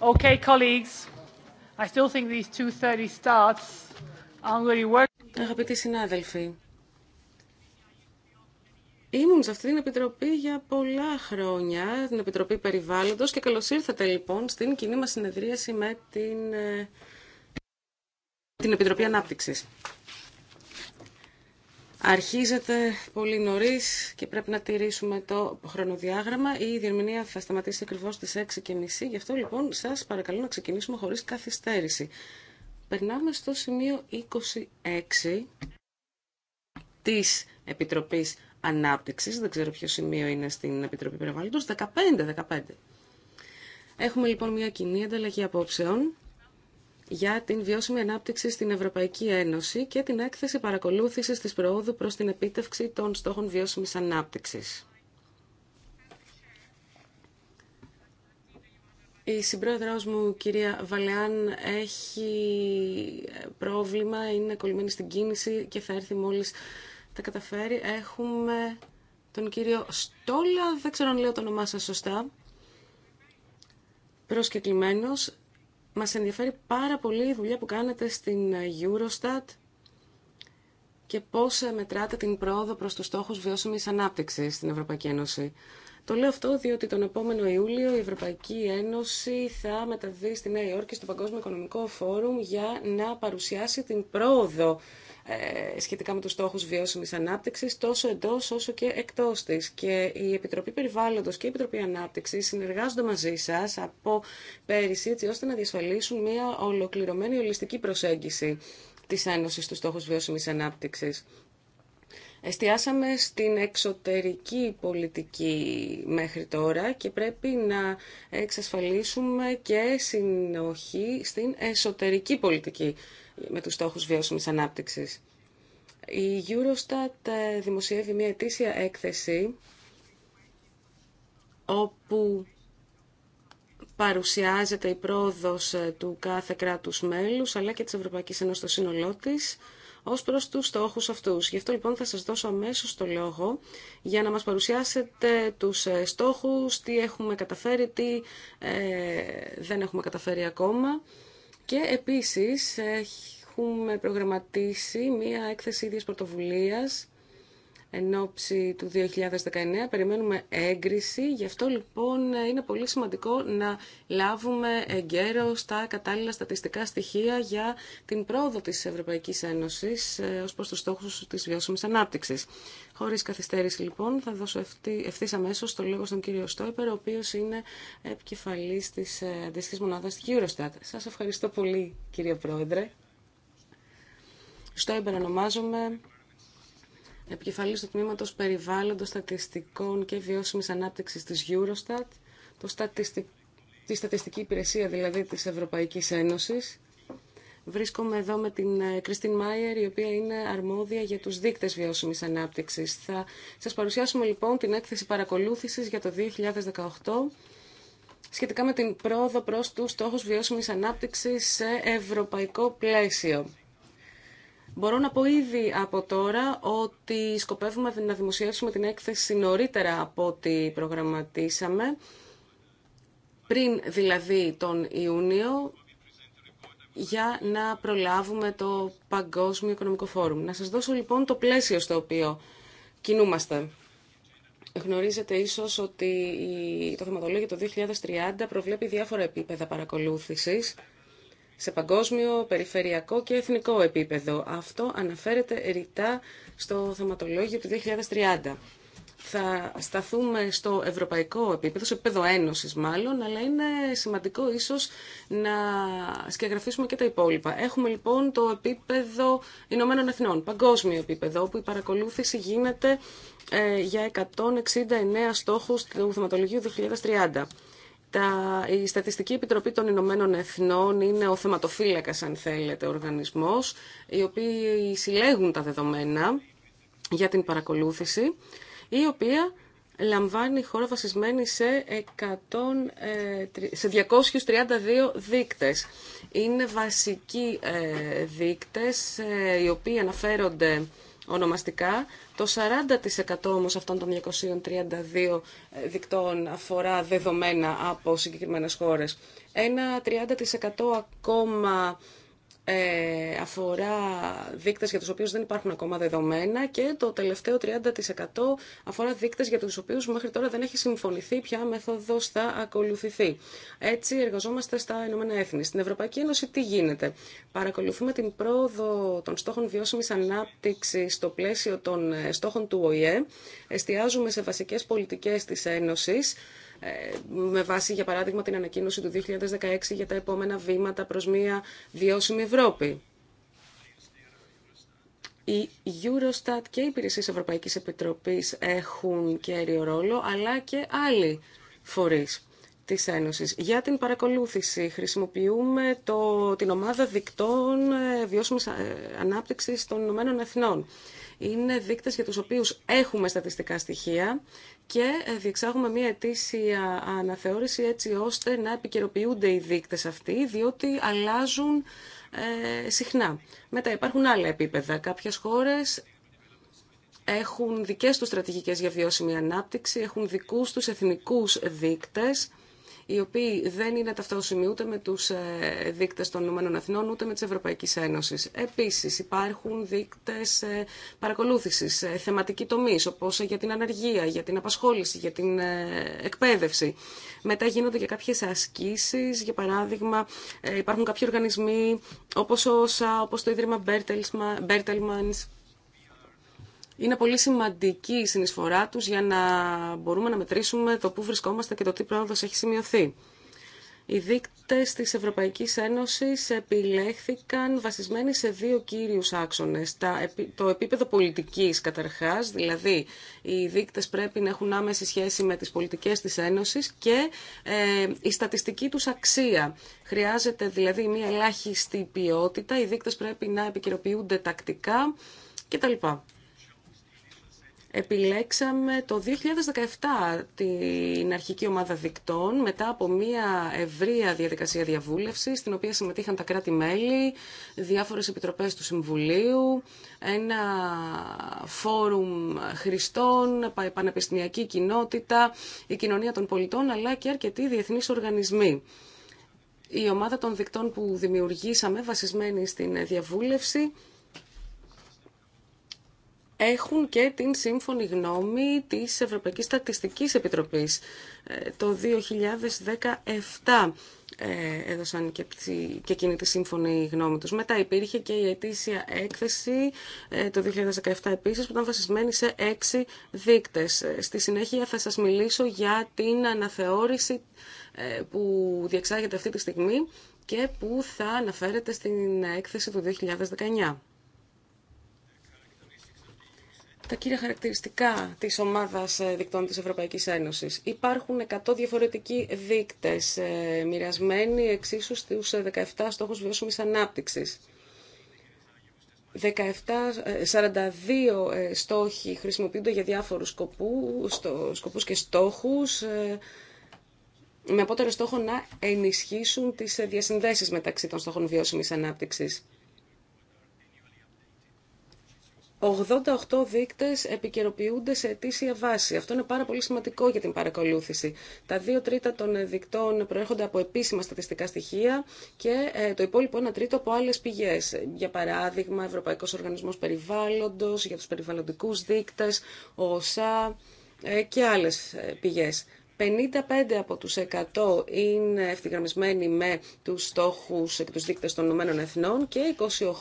Okay, colleagues. I still think these 2.30 starts. aren't really working. Αγαπητοί συνάδελφοι, ήμουν σε αυτή την επιτροπή για πολλά χρόνια, την Επιτροπή Περιβάλλοντος και καλώς ήρθατε λοιπόν στην κοινή μας συνεδρίαση με την, ε, την Επιτροπή Ανάπτυξης. Αρχίζεται πολύ νωρίς και πρέπει να τηρήσουμε το χρονοδιάγραμμα. Η διερμηνία θα σταματήσει ακριβώ στις 6.30. Γι' αυτό λοιπόν σας παρακαλώ να ξεκινήσουμε χωρίς καθυστέρηση. Περνάμε στο σημείο 26 της Επιτροπής Ανάπτυξης. Δεν ξέρω ποιο σημείο είναι στην Επιτροπή Περιβάλλοντος. 15, 15. Έχουμε λοιπόν μια κοινή ανταλλαγή απόψεων για την βιώσιμη ανάπτυξη στην Ευρωπαϊκή Ένωση και την έκθεση παρακολούθηση της προόδου προ την επίτευξη των στόχων βιώσιμη ανάπτυξη. Η συμπρόεδρος μου, κυρία Βαλεάν, έχει πρόβλημα, είναι κολλημένη στην κίνηση και θα έρθει μόλις τα καταφέρει. Έχουμε τον κύριο Στόλα, δεν ξέρω αν λέω το όνομά σας σωστά, προσκεκλημένος μας ενδιαφέρει πάρα πολύ η δουλειά που κάνετε στην Eurostat και πώς ε, μετράτε την πρόοδο προς τους στόχους βιώσιμης ανάπτυξης στην Ευρωπαϊκή Ένωση. Το λέω αυτό διότι τον επόμενο Ιούλιο η Ευρωπαϊκή Ένωση θα μεταβεί στη Νέα Υόρκη στο Παγκόσμιο Οικονομικό Φόρουμ για να παρουσιάσει την πρόοδο ε, σχετικά με τους στόχους βιώσιμης ανάπτυξης τόσο εντός όσο και εκτός της. Και η Επιτροπή Περιβάλλοντος και η Επιτροπή Ανάπτυξης συνεργάζονται μαζί σας από πέρυσι έτσι ώστε να διασφαλίσουν μια ολοκληρωμένη ολιστική προσέγγιση της Ένωσης στους στόχους βιώσιμης ανάπτυξης. Εστιάσαμε στην εξωτερική πολιτική μέχρι τώρα και πρέπει να εξασφαλίσουμε και συνοχή στην εσωτερική πολιτική με τους στόχους βιώσιμης ανάπτυξης. Η Eurostat ε, δημοσιεύει μια ετήσια έκθεση όπου παρουσιάζεται η πρόοδος ε, του κάθε κράτους μέλους αλλά και της Ευρωπαϊκής Ένωσης στο σύνολό τη ως προς τους στόχους αυτούς. Γι' αυτό λοιπόν θα σας δώσω αμέσως το λόγο για να μας παρουσιάσετε τους ε, στόχους, τι έχουμε καταφέρει, τι δεν έχουμε καταφέρει ακόμα και επίσης έχουμε προγραμματίσει μία έκθεση ίδιας πρωτοβουλίας εν ώψη του 2019. Περιμένουμε έγκριση, γι' αυτό λοιπόν είναι πολύ σημαντικό να λάβουμε εγκαίρως τα κατάλληλα στατιστικά στοιχεία για την πρόοδο της Ευρωπαϊκής Ένωσης ε, ως προς τους στόχους της βιώσιμης ανάπτυξης. Χωρίς καθυστέρηση λοιπόν θα δώσω ευθύ, ευθύς αμέσως το λόγο στον κύριο Στόιπερ, ο οποίος είναι επικεφαλής της ε, αντίστοιχης μονάδας τη Eurostat. Σας ευχαριστώ πολύ κύριε Πρόεδρε. Στόιπερ ονομάζομαι, επικεφαλής του τμήματος περιβάλλοντος στατιστικών και βιώσιμης ανάπτυξης της Eurostat, τη στατιστική υπηρεσία δηλαδή της Ευρωπαϊκής Ένωσης. Βρίσκομαι εδώ με την Κριστίν ε, Μάιερ, η οποία είναι αρμόδια για τους δείκτες βιώσιμης ανάπτυξης. Θα σας παρουσιάσουμε λοιπόν την έκθεση παρακολούθησης για το 2018 σχετικά με την πρόοδο προς τους στόχους βιώσιμης ανάπτυξης σε ευρωπαϊκό πλαίσιο. Μπορώ να πω ήδη από τώρα ότι σκοπεύουμε να δημοσιεύσουμε την έκθεση νωρίτερα από ό,τι προγραμματίσαμε, πριν δηλαδή τον Ιούνιο, για να προλάβουμε το Παγκόσμιο Οικονομικό Φόρουμ. Να σας δώσω λοιπόν το πλαίσιο στο οποίο κινούμαστε. Γνωρίζετε ίσως ότι το θεματολόγιο το 2030 προβλέπει διάφορα επίπεδα παρακολούθησης σε παγκόσμιο, περιφερειακό και εθνικό επίπεδο. Αυτό αναφέρεται ρητά στο θεματολόγιο του 2030. Θα σταθούμε στο ευρωπαϊκό επίπεδο, σε επίπεδο ένωσης μάλλον, αλλά είναι σημαντικό ίσως να σκεγγραφίσουμε και τα υπόλοιπα. Έχουμε λοιπόν το επίπεδο Ηνωμένων Εθνών, παγκόσμιο επίπεδο, όπου η παρακολούθηση γίνεται ε, για 169 στόχους του θεματολογίου 2030 η Στατιστική Επιτροπή των Ηνωμένων Εθνών είναι ο θεματοφύλακας, αν θέλετε, οργανισμός, οι οποίοι συλλέγουν τα δεδομένα για την παρακολούθηση, η οποία λαμβάνει χώρα βασισμένη σε, 100, ε, σε 232 δείκτες. Είναι βασικοί ε, δείκτες ε, οι οποίοι αναφέρονται ονομαστικά. Το 40% όμως αυτών των 232 ε, δικτών αφορά δεδομένα από συγκεκριμένες χώρες. Ένα 30% ακόμα ε, αφορά δείκτες για τους οποίους δεν υπάρχουν ακόμα δεδομένα και το τελευταίο 30% αφορά δείκτες για τους οποίους μέχρι τώρα δεν έχει συμφωνηθεί ποια μέθοδος θα ακολουθηθεί. Έτσι εργαζόμαστε στα Ηνωμένα Έθνη. Στην Ευρωπαϊκή Ένωση τι γίνεται. Παρακολουθούμε την πρόοδο των στόχων βιώσιμης ανάπτυξης στο πλαίσιο των ε, στόχων του ΟΗΕ. Εστιάζουμε σε βασικές πολιτικές της Ένωσης ε, με βάση για παράδειγμα την ανακοίνωση του 2016 για τα επόμενα βήματα προς μια βιώσιμη Ευρώπη. Η Eurostat και οι υπηρεσίε Ευρωπαϊκής Επιτροπής έχουν κέριο ρόλο, αλλά και άλλοι φορείς της Ένωσης. Για την παρακολούθηση χρησιμοποιούμε το, την ομάδα δικτών ε, βιώσιμης ε, ανάπτυξης των Ηνωμένων Εθνών είναι δείκτες για τους οποίους έχουμε στατιστικά στοιχεία και ε, διεξάγουμε μια ετήσια αναθεώρηση έτσι ώστε να επικαιροποιούνται οι δείκτες αυτοί, διότι αλλάζουν ε, συχνά. Μετά υπάρχουν άλλα επίπεδα. Κάποιες χώρες έχουν δικές τους στρατηγικές για βιώσιμη ανάπτυξη, έχουν δικούς τους εθνικούς δείκτες, οι οποίοι δεν είναι ταυτόσιμοι ούτε με τους ε, δείκτες των Ηνωμένων Αθηνών, ούτε με της Ευρωπαϊκής Ένωσης. Επίσης υπάρχουν δείκτες ε, παρακολούθησης, ε, θεματική τομής όπως για την ανεργία, για την απασχόληση, για την εκπαίδευση. Μετά γίνονται και κάποιες ασκήσεις, για παράδειγμα υπάρχουν κάποιοι οργανισμοί όπως το Ίδρυμα Bertelsmann, είναι πολύ σημαντική η συνεισφορά του για να μπορούμε να μετρήσουμε το πού βρισκόμαστε και το τι πρόοδο έχει σημειωθεί. Οι δείκτες της Ευρωπαϊκής Ένωση επιλέχθηκαν βασισμένοι σε δύο κύριου άξονε. Το επίπεδο πολιτική καταρχά, δηλαδή οι δείκτες πρέπει να έχουν άμεση σχέση με τι πολιτικέ τη Ένωση και ε, η στατιστική τους αξία. Χρειάζεται δηλαδή μια ελάχιστη ποιότητα, οι δείκτες πρέπει να επικαιροποιούνται τακτικά κτλ επιλέξαμε το 2017 την αρχική ομάδα δικτών μετά από μια ευρεία διαδικασία διαβούλευσης στην οποία συμμετείχαν τα κράτη-μέλη, διάφορες επιτροπές του Συμβουλίου, ένα φόρουμ χρηστών, πανεπιστημιακή κοινότητα, η κοινωνία των πολιτών αλλά και αρκετοί διεθνείς οργανισμοί. Η ομάδα των δικτών που δημιουργήσαμε βασισμένη στην διαβούλευση έχουν και την σύμφωνη γνώμη της Ευρωπαϊκής Στατιστικής Επιτροπής. Ε, το 2017 ε, έδωσαν και, εκείνη τη σύμφωνη γνώμη τους. Μετά υπήρχε και η ετήσια έκθεση ε, το 2017 επίσης που ήταν βασισμένη σε έξι δείκτες. Στη συνέχεια θα σας μιλήσω για την αναθεώρηση που διεξάγεται αυτή τη στιγμή και που θα αναφέρεται στην έκθεση του 2019 τα κύρια χαρακτηριστικά τη ομάδας ε, δικτών της Ευρωπαϊκής Ένωση. Υπάρχουν 100 διαφορετικοί δείκτες, ε, μοιρασμένοι εξίσου στου 17 ε, στόχους βιώσιμης ανάπτυξης. 42 στόχοι χρησιμοποιούνται για διάφορους σκοπούς, σκοπούς και στόχους, με απότερο στόχο να ενισχύσουν τις διασυνδέσεις μεταξύ των στόχων βιώσιμης ανάπτυξης. 88 δείκτες επικαιροποιούνται σε αιτήσια βάση. Αυτό είναι πάρα πολύ σημαντικό για την παρακολούθηση. Τα δύο τρίτα των δεικτών προέρχονται από επίσημα στατιστικά στοιχεία και ε, το υπόλοιπο ένα τρίτο από άλλες πηγές. Για παράδειγμα, Ευρωπαϊκός Οργανισμός Περιβάλλοντος, για τους περιβαλλοντικούς δείκτες, ΟΣΑ ε, και άλλες ε, πηγές. 55 από τους 100 είναι ευθυγραμμισμένοι με τους στόχους και τους δείκτες των Ηνωμένων Εθνών και 28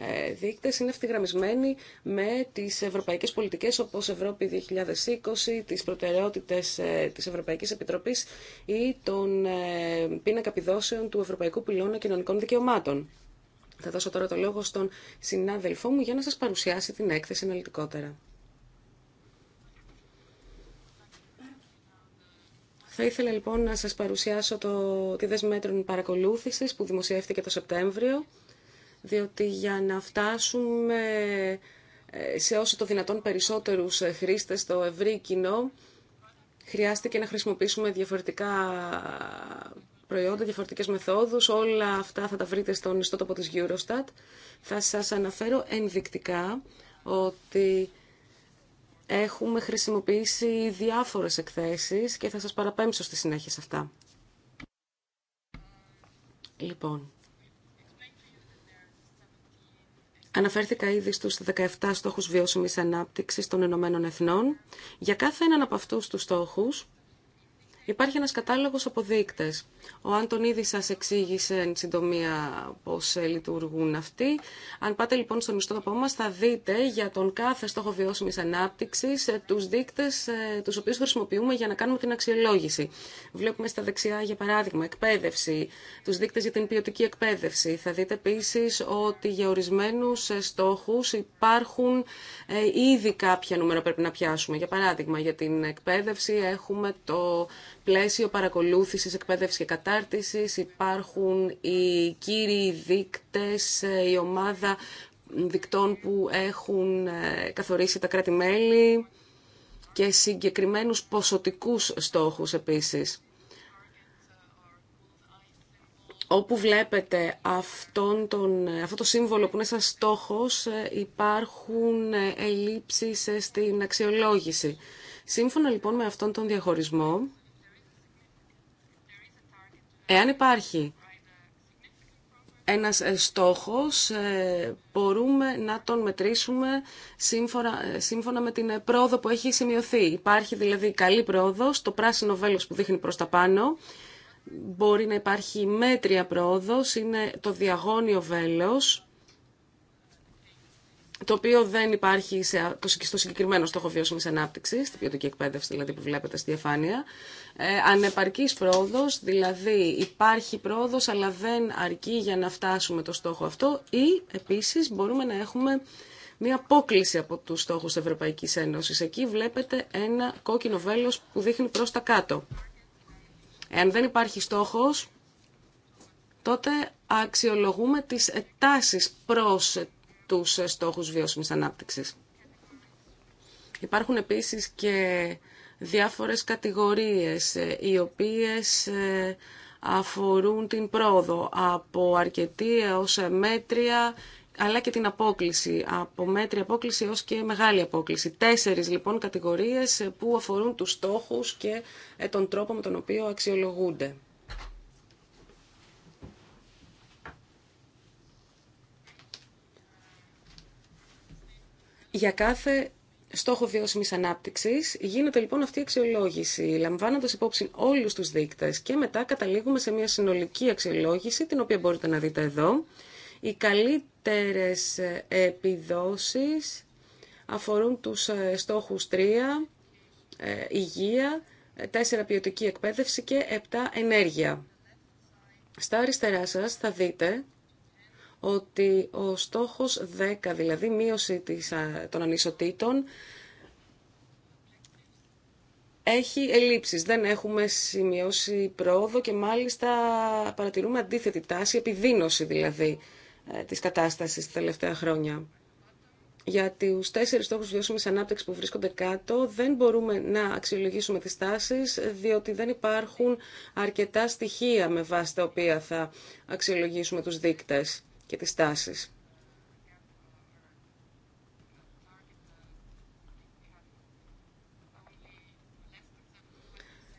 ε, δείκτες είναι ευθυγραμμισμένοι με τις ευρωπαϊκές πολιτικές όπως Ευρώπη 2020, τις προτεραιότητες ε, της Ευρωπαϊκής Επιτροπής ή τον ε, πίνακα επιδόσεων του Ευρωπαϊκού Πυλώνα Κοινωνικών Δικαιωμάτων. Θα δώσω τώρα το λόγο στον συνάδελφό μου για να σας παρουσιάσει την έκθεση αναλυτικότερα. Θα ήθελα λοιπόν να σας παρουσιάσω το, τη δεσμέτρων παρακολούθησης που δημοσιεύτηκε το Σεπτέμβριο, διότι για να φτάσουμε ε, σε όσο το δυνατόν περισσότερους ε, χρήστες στο ευρύ κοινό, χρειάστηκε να χρησιμοποιήσουμε διαφορετικά προϊόντα, διαφορετικές μεθόδους. Όλα αυτά θα τα βρείτε στον ιστότοπο της Eurostat. Θα σας αναφέρω ενδεικτικά ότι έχουμε χρησιμοποιήσει διάφορες εκθέσεις και θα σας παραπέμψω στη συνέχεια σε αυτά. Λοιπόν, Αναφέρθηκα ήδη στους 17 στόχους βιώσιμης ανάπτυξης των Ηνωμένων Εθνών. Για κάθε έναν από αυτούς τους στόχους Υπάρχει ένας κατάλογος από δείκτες. Ο Άντων ήδη σας εξήγησε εν συντομία πώς ε, λειτουργούν αυτοί. Αν πάτε λοιπόν στον ιστότοπό μας θα δείτε για τον κάθε στόχο βιώσιμης ανάπτυξης ε, τους δείκτες ε, τους οποίους χρησιμοποιούμε για να κάνουμε την αξιολόγηση. Βλέπουμε στα δεξιά για παράδειγμα εκπαίδευση, τους δείκτες για την ποιοτική εκπαίδευση. Θα δείτε επίση ότι για ορισμένου στόχους υπάρχουν ήδη κάποια νούμερα πρέπει να πιάσουμε. Για παράδειγμα για την εκπαίδευση έχουμε το πλαίσιο παρακολούθησης, εκπαίδευσης και κατάρτισης υπάρχουν οι κύριοι δείκτες, η ομάδα δικτών που έχουν ε, καθορίσει τα κράτη-μέλη και συγκεκριμένους ποσοτικούς στόχους επίσης. Όπου βλέπετε αυτόν τον, αυτό το σύμβολο που είναι σαν στόχος ε, υπάρχουν ε, ελλείψεις στην αξιολόγηση. Σύμφωνα λοιπόν με αυτόν τον διαχωρισμό, Εάν υπάρχει ένας ε, στόχος, ε, μπορούμε να τον μετρήσουμε σύμφωνα ε, με την πρόοδο που έχει σημειωθεί. Υπάρχει δηλαδή καλή πρόοδος, το πράσινο βέλος που δείχνει προς τα πάνω, μπορεί να υπάρχει μέτρια πρόοδος, είναι το διαγώνιο βέλος, το οποίο δεν υπάρχει σε, στο συγκεκριμένο στόχο βιώσιμη ανάπτυξη, στην ποιοτική εκπαίδευση δηλαδή που βλέπετε στη διαφάνεια. Ε, ανεπαρκής πρόοδος, δηλαδή υπάρχει πρόοδο, αλλά δεν αρκεί για να φτάσουμε το στόχο αυτό ή επίση μπορούμε να έχουμε μια απόκληση από του στόχου της Ευρωπαϊκής Ένωσης. Εκεί βλέπετε ένα κόκκινο βέλο που δείχνει προ τα κάτω. Εάν δεν υπάρχει στόχο, τότε αξιολογούμε τι τάσεις προ τους στόχους βιώσιμης ανάπτυξης. Υπάρχουν επίσης και διάφορες κατηγορίες ε, οι οποίες ε, αφορούν την πρόοδο από αρκετή ως μέτρια αλλά και την απόκληση, από μέτρη απόκληση ως και μεγάλη απόκληση. Τέσσερις λοιπόν κατηγορίες ε, που αφορούν τους στόχους και τον τρόπο με τον οποίο αξιολογούνται. για κάθε στόχο βιώσιμη ανάπτυξη γίνεται λοιπόν αυτή η αξιολόγηση, λαμβάνοντα υπόψη όλου του δείκτε και μετά καταλήγουμε σε μια συνολική αξιολόγηση, την οποία μπορείτε να δείτε εδώ. Οι καλύτερε επιδόσει αφορούν του ε, στόχου 3, ε, υγεία, 4 ε, ποιοτική εκπαίδευση και 7 ενέργεια. Στα αριστερά σας θα δείτε ότι ο στόχος 10, δηλαδή μείωση της, των ανισοτήτων, έχει ελλείψεις. Δεν έχουμε σημειώσει πρόοδο και μάλιστα παρατηρούμε αντίθετη τάση, επιδείνωση δηλαδή ε, της κατάστασης τα τελευταία χρόνια. Για του τέσσερι στόχου βιώσιμη ανάπτυξη που βρίσκονται κάτω, δεν μπορούμε να αξιολογήσουμε τι τάσει, διότι δεν υπάρχουν αρκετά στοιχεία με βάση τα οποία θα αξιολογήσουμε του δείκτε και τις τάσεις.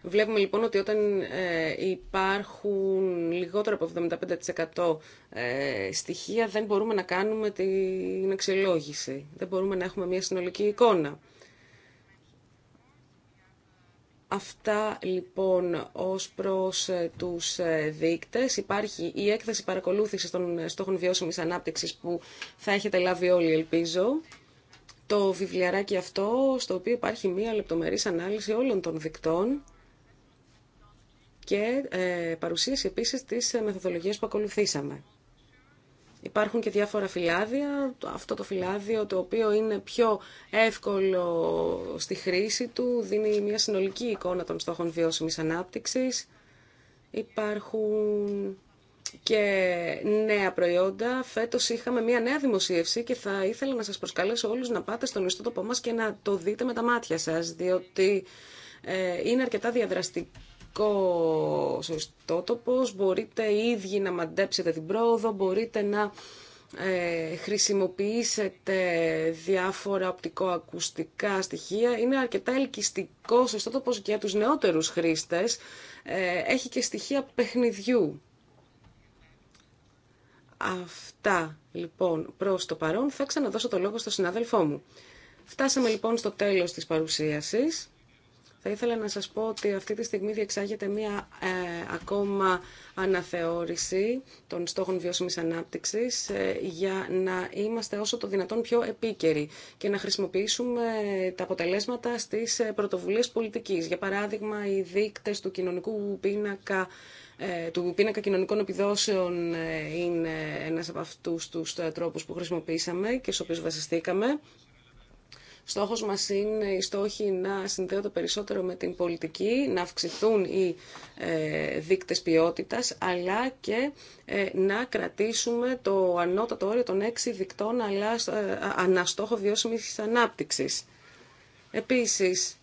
Βλέπουμε λοιπόν ότι όταν ε, υπάρχουν λιγότερο από 75% ε, στοιχεία δεν μπορούμε να κάνουμε την αξιολόγηση. Δεν μπορούμε να έχουμε μια συνολική εικόνα. Αυτά λοιπόν ως προς ε, τους ε, δείκτες. Υπάρχει η έκθεση παρακολούθησης των ε, στόχων βιώσιμης ανάπτυξης που θα έχετε λάβει όλοι ελπίζω. Το βιβλιαράκι αυτό στο οποίο υπάρχει μία λεπτομερής ανάλυση όλων των δικτών και παρουσίαση επίσης της μεθοδολογίας που ακολουθήσαμε. Υπάρχουν και διάφορα φυλάδια, αυτό το φυλάδιο το οποίο είναι πιο εύκολο στη χρήση του, δίνει μια συνολική εικόνα των στόχων βιώσιμης ανάπτυξης. Υπάρχουν και νέα προϊόντα. Φέτος είχαμε μια νέα δημοσίευση και θα ήθελα να σας προσκαλέσω όλους να πάτε στον ιστότοπο μας και να το δείτε με τα μάτια σας, διότι ε, είναι αρκετά διαδραστική σωστό, σωστό μπορείτε οι ίδιοι να μαντέψετε την πρόοδο, μπορείτε να ε, χρησιμοποιήσετε διάφορα οπτικοακουστικά στοιχεία. Είναι αρκετά ελκυστικό σωστό τόπος για τους νεότερους χρήστες. Ε, έχει και στοιχεία παιχνιδιού. Αυτά λοιπόν προς το παρόν. Θα ξαναδώσω το λόγο στο συνάδελφό μου. Φτάσαμε λοιπόν στο τέλος της παρουσίασης. Θα ήθελα να σας πω ότι αυτή τη στιγμή διεξάγεται μία ε, ακόμα αναθεώρηση των στόχων βιώσιμης ανάπτυξης ε, για να είμαστε όσο το δυνατόν πιο επίκαιροι και να χρησιμοποιήσουμε τα αποτελέσματα στις ε, πρωτοβουλίες πολιτικής. Για παράδειγμα, οι δείκτες του κοινωνικού πίνακα του πίνακα κοινωνικών επιδόσεων είναι ένας από αυτούς τους τρόπους που χρησιμοποίησαμε και στους οποίους βασιστήκαμε. Στόχος μας είναι οι στόχοι να συνδέονται περισσότερο με την πολιτική, να αυξηθούν οι ε, δείκτες ποιότητας, αλλά και ε, να κρατήσουμε το ανώτατο όριο των έξι δικτών αλλά, ε, αναστόχο βιώσιμης ανάπτυξης. Επίσης,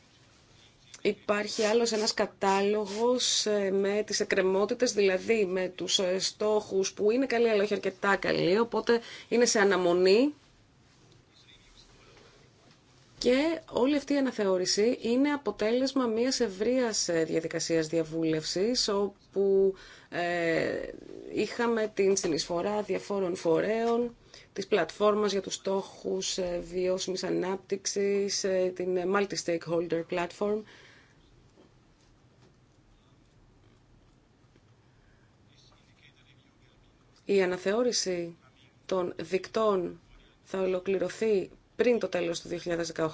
Υπάρχει άλλος ένας κατάλογος ε, με τις εκκρεμότητες, δηλαδή με τους στόχους που είναι καλή αλλά όχι αρκετά καλοί, οπότε είναι σε αναμονή και όλη αυτή η αναθεώρηση είναι αποτέλεσμα μιας ευρείας ε, διαδικασίας διαβούλευσης όπου ε, είχαμε την συνεισφορά διαφόρων φορέων, της πλατφόρμας για τους στόχους ε, βιώσιμης ανάπτυξης, την Multi-Stakeholder Platform. Η αναθεώρηση των δικτών θα ολοκληρωθεί πριν το τέλος του 2018.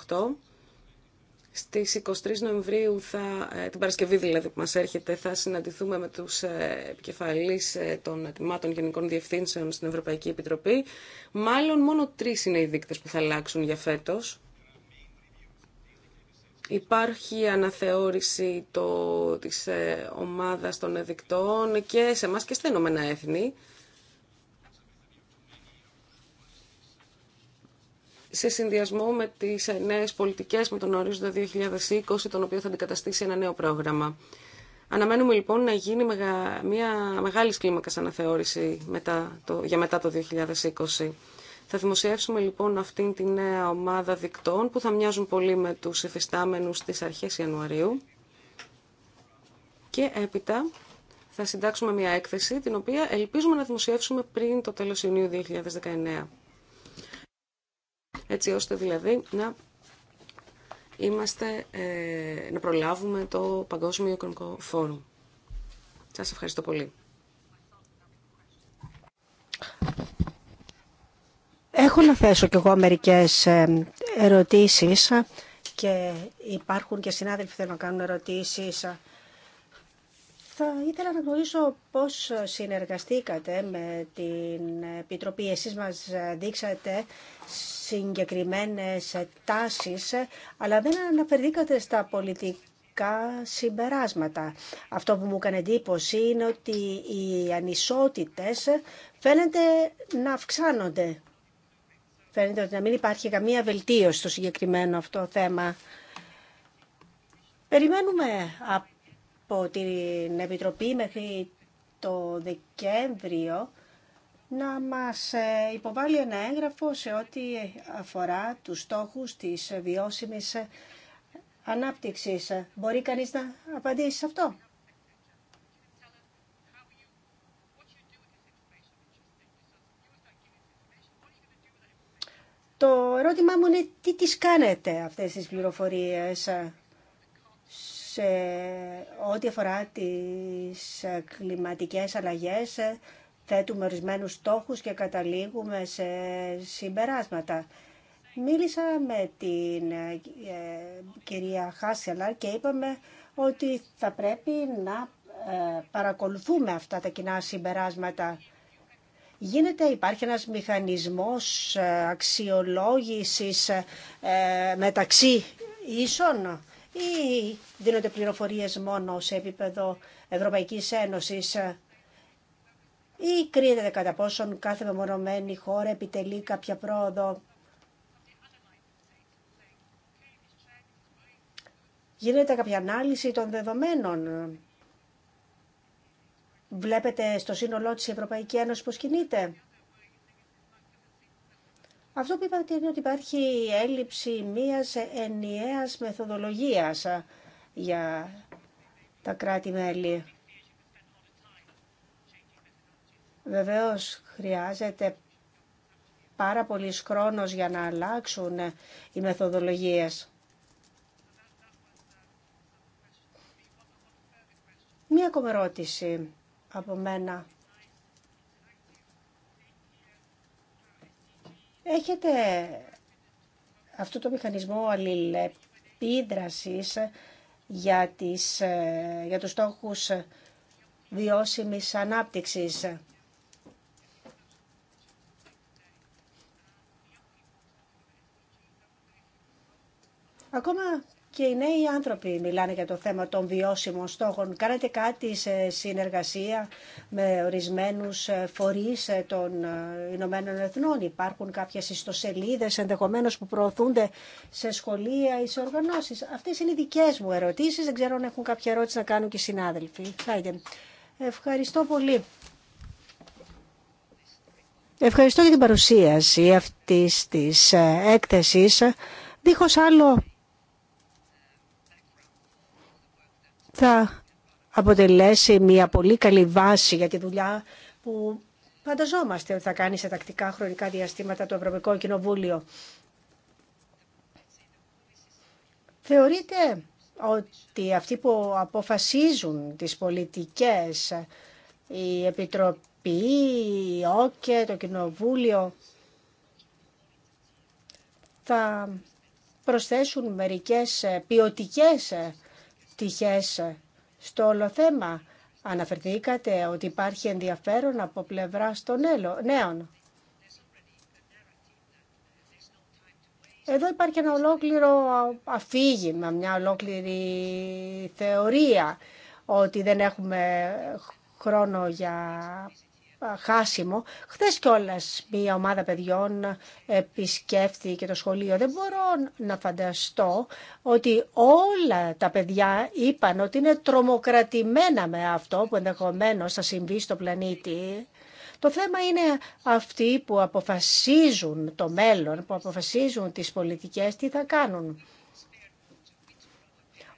Στις 23 Νοεμβρίου, θα, ε, την Παρασκευή δηλαδή που μας έρχεται, θα συναντηθούμε με τους ε, επικεφαλείς ε, των ετοιμάτων γενικών διευθύνσεων στην Ευρωπαϊκή Επιτροπή. Μάλλον μόνο τρεις είναι οι δείκτες που θα αλλάξουν για φέτος. Υπάρχει αναθεώρηση το, της ομάδας των εδικτών και σε εμά και στα Ηνωμένα Έθνη. σε συνδυασμό με τις νέες πολιτικές με τον ορίζοντα 2020, τον οποίο θα αντικαταστήσει ένα νέο πρόγραμμα. Αναμένουμε λοιπόν να γίνει μια μεγάλη κλίμακα αναθεώρηση μετά το, για μετά το 2020. Θα δημοσιεύσουμε λοιπόν αυτήν τη νέα ομάδα δικτών που θα μοιάζουν πολύ με τους εφιστάμενους στις αρχές Ιανουαρίου και έπειτα θα συντάξουμε μια έκθεση την οποία ελπίζουμε να δημοσιεύσουμε πριν το τέλος Ιουνίου 2019 έτσι ώστε δηλαδή να είμαστε, ε, να προλάβουμε το Παγκόσμιο Οικονομικό Φόρουμ. Σας ευχαριστώ πολύ. Έχω να θέσω κι εγώ μερικές ε, ερωτήσεις και υπάρχουν και συνάδελφοι που θέλουν να κάνουν ερωτήσεις. Θα ήθελα να γνωρίσω πώς συνεργαστήκατε με την Επιτροπή. Εσείς μας δείξατε συγκεκριμένες τάσεις, αλλά δεν αναφερθήκατε στα πολιτικά συμπεράσματα. Αυτό που μου έκανε εντύπωση είναι ότι οι ανισότητες φαίνεται να αυξάνονται. Φαίνεται ότι να μην υπάρχει καμία βελτίωση στο συγκεκριμένο αυτό θέμα. Περιμένουμε από από την Επιτροπή μέχρι το Δεκέμβριο να μας ε, υποβάλει ένα έγγραφο σε ό,τι αφορά τους στόχους της βιώσιμης ανάπτυξης. Μπορεί κανείς να απαντήσει σε αυτό. Το ερώτημά μου είναι τι τις κάνετε αυτές τις πληροφορίες σε ό,τι αφορά τις κλιματικές αλλαγές θέτουμε ορισμένου στόχους και καταλήγουμε σε συμπεράσματα. Μίλησα με την ε, κυρία Χάσελα και είπαμε ότι θα πρέπει να ε, παρακολουθούμε αυτά τα κοινά συμπεράσματα. Γίνεται, υπάρχει ένας μηχανισμός ε, αξιολόγησης μεταξύ ίσων ή δίνονται πληροφορίες μόνο σε επίπεδο Ευρωπαϊκής Ένωσης ε, ή κρίνεται κατά πόσον κάθε μεμονωμένη χώρα επιτελεί κάποια πρόοδο. Γίνεται κάποια ανάλυση των δεδομένων. Βλέπετε στο σύνολό της η Ευρωπαϊκή Ένωση πώς κινείται. Αυτό που είπατε είναι ότι υπάρχει έλλειψη μίας ενιαίας μεθοδολογίας ε, για τα κράτη-μέλη. Βεβαίως χρειάζεται πάρα πολύ χρόνος για να αλλάξουν ε, οι μεθοδολογίες. Μία ακόμα ερώτηση από μένα. Έχετε αυτό το μηχανισμό αλληλεπίδρασης για, τις, ε, για τους στόχους βιώσιμης ανάπτυξης. Ακόμα και οι νέοι άνθρωποι μιλάνε για το θέμα των βιώσιμων στόχων. Κάνετε κάτι σε συνεργασία με ορισμένους ε, φορείς ε, των ε, Ηνωμένων Εθνών. Υπάρχουν κάποιες ιστοσελίδες ενδεχομένως που προωθούνται σε σχολεία ή σε οργανώσεις. Αυτές είναι οι δικές μου ερωτήσεις. Δεν ξέρω αν έχουν κάποια ερώτηση να κάνουν και οι συνάδελφοι. Ευχαριστώ πολύ. Ευχαριστώ για την παρουσίαση αυτής της έκθεσης. Δίχως άλλο θα αποτελέσει μια πολύ καλή βάση για τη δουλειά που φανταζόμαστε ότι θα κάνει σε τακτικά χρονικά διαστήματα το Ευρωπαϊκό Κοινοβούλιο. Θεωρείτε ότι αυτοί που αποφασίζουν τις πολιτικές, η Επιτροπή, η ΟΚΕ, το Κοινοβούλιο, θα προσθέσουν μερικές ποιοτικές τυχές στο όλο θέμα. Αναφερθήκατε ότι υπάρχει ενδιαφέρον από πλευρά των νέων. Εδώ υπάρχει ένα ολόκληρο αφήγημα, μια ολόκληρη θεωρία ότι δεν έχουμε χρόνο για χάσιμο. Χθε κιόλα μια ομάδα παιδιών επισκέφθηκε το σχολείο. Δεν μπορώ να φανταστώ ότι όλα τα παιδιά είπαν ότι είναι τρομοκρατημένα με αυτό που ενδεχομένω θα συμβεί στο πλανήτη. Το θέμα είναι αυτοί που αποφασίζουν το μέλλον, που αποφασίζουν τις πολιτικές, τι θα κάνουν.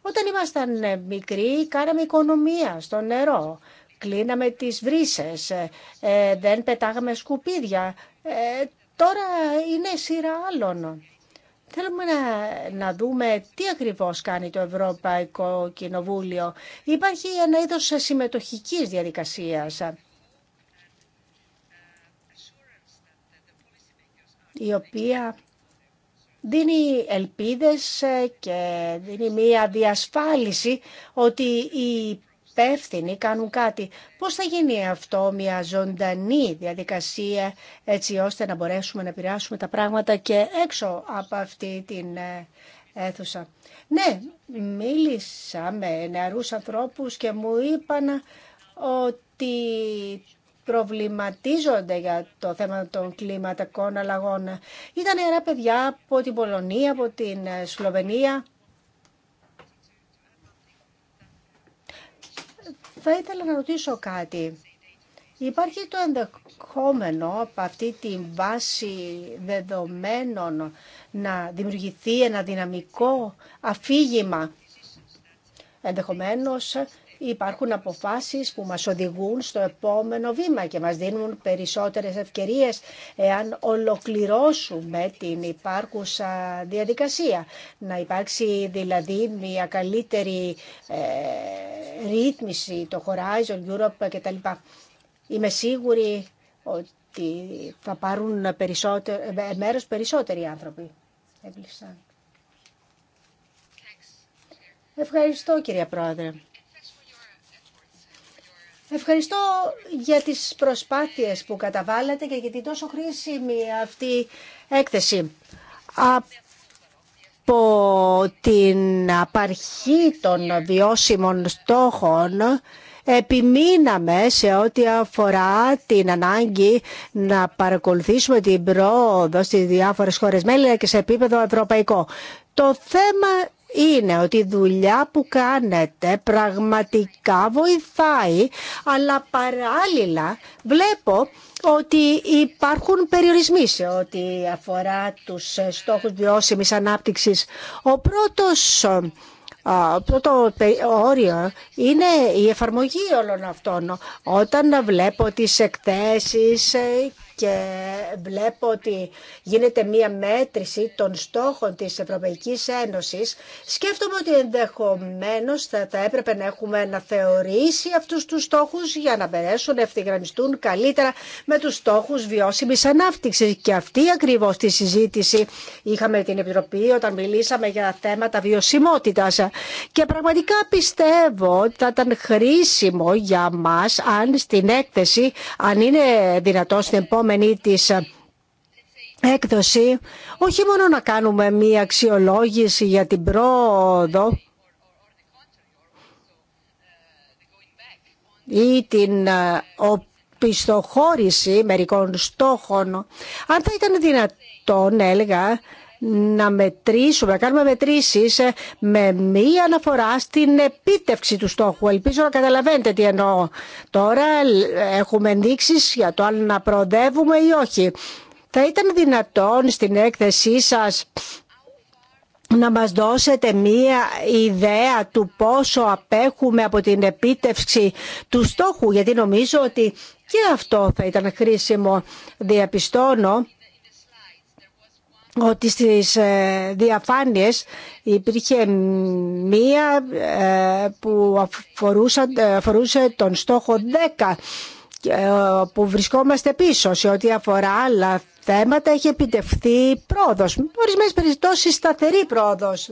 Όταν ήμασταν μικροί, κάναμε οικονομία στο νερό κλείναμε τις βρύσες, ε, ε, δεν πετάγαμε σκουπίδια. Ε, τώρα είναι σειρά άλλων. Θέλουμε να, δούμε τι ακριβώς κάνει το Ευρωπαϊκό Κοινοβούλιο. Υπάρχει ένα είδος συμμετοχικής διαδικασίας. η οποία δίνει ελπίδες και δίνει μία διασφάλιση ότι οι υπεύθυνοι κάνουν κάτι. Πώς θα γίνει αυτό μια ζωντανή διαδικασία έτσι ώστε να μπορέσουμε να επηρεάσουμε τα πράγματα και έξω από αυτή την ε, αίθουσα. Ναι, μίλησα με νεαρούς ανθρώπους και μου είπαν ότι προβληματίζονται για το θέμα των κλιματικών αλλαγών. Ήταν νεαρά παιδιά από την Πολωνία, από την ε, Σλοβενία Θα ήθελα να ρωτήσω κάτι. Υπάρχει το ενδεχόμενο από αυτή τη βάση δεδομένων να δημιουργηθεί ένα δυναμικό αφήγημα. Ενδεχομένως υπάρχουν αποφάσεις που μας οδηγούν στο επόμενο βήμα και μας δίνουν περισσότερες ευκαιρίες εάν ολοκληρώσουμε την υπάρχουσα διαδικασία. Να υπάρξει δηλαδή μια καλύτερη ε, ρύθμιση, το Horizon Europe κτλ. Είμαι σίγουρη ότι θα πάρουν περισσότερο, ε, μέρος περισσότεροι άνθρωποι. Ευχαριστώ κυρία Πρόεδρε. Ευχαριστώ για τις προσπάθειες που καταβάλλατε και για την τόσο χρήσιμη αυτή έκθεση. Από την απαρχή των βιώσιμων στόχων επιμείναμε σε ό,τι αφορά την ανάγκη να παρακολουθήσουμε την πρόοδο στις διάφορες χώρες μέλη και σε επίπεδο ευρωπαϊκό. Το θέμα είναι ότι η δουλειά που κάνετε πραγματικά βοηθάει, αλλά παράλληλα βλέπω ότι υπάρχουν περιορισμοί σε ό,τι αφορά τους στόχους βιώσιμης ανάπτυξης. Ο πρώτος πρώτο όριο είναι η εφαρμογή όλων αυτών. Όταν βλέπω τις εκθέσεις ε, και βλέπω ότι γίνεται μία μέτρηση των στόχων της Ευρωπαϊκής Ένωσης, σκέφτομαι ότι ενδεχομένως θα, έπρεπε να έχουμε να θεωρήσει αυτούς τους στόχους για να περάσουν να ευθυγραμμιστούν καλύτερα με τους στόχους βιώσιμης ανάπτυξης. Και αυτή ακριβώς τη συζήτηση είχαμε την Επιτροπή όταν μιλήσαμε για θέματα βιωσιμότητας. Και πραγματικά πιστεύω ότι θα ήταν χρήσιμο για μας αν στην έκθεση, αν είναι δυνατόν στην επόμενη επόμενη της έκδοση όχι μόνο να κάνουμε μία αξιολόγηση για την πρόοδο ή την ε, οπισθοχώρηση μερικών στόχων. Αν θα ήταν δυνατόν, έλεγα, να μετρήσουμε, να κάνουμε μετρήσεις ε, με μία αναφορά στην επίτευξη του στόχου. Ελπίζω να καταλαβαίνετε τι εννοώ. Τώρα έχουμε ενδείξει για το αν να προοδεύουμε ή όχι. Θα ήταν δυνατόν στην έκθεσή σας να μας δώσετε μία ιδέα του πόσο απέχουμε από την επίτευξη του στόχου, γιατί νομίζω ότι και αυτό θα ήταν χρήσιμο. Διαπιστώνω ότι στις ε, διαφάνειες υπήρχε μία ε, που ε, αφορούσε, τον στόχο 10 που βρισκόμαστε πίσω σε ό,τι αφορά άλλα θέματα έχει επιτευχθεί πρόοδος. Ορισμένες περιπτώσεις σταθερή πρόοδος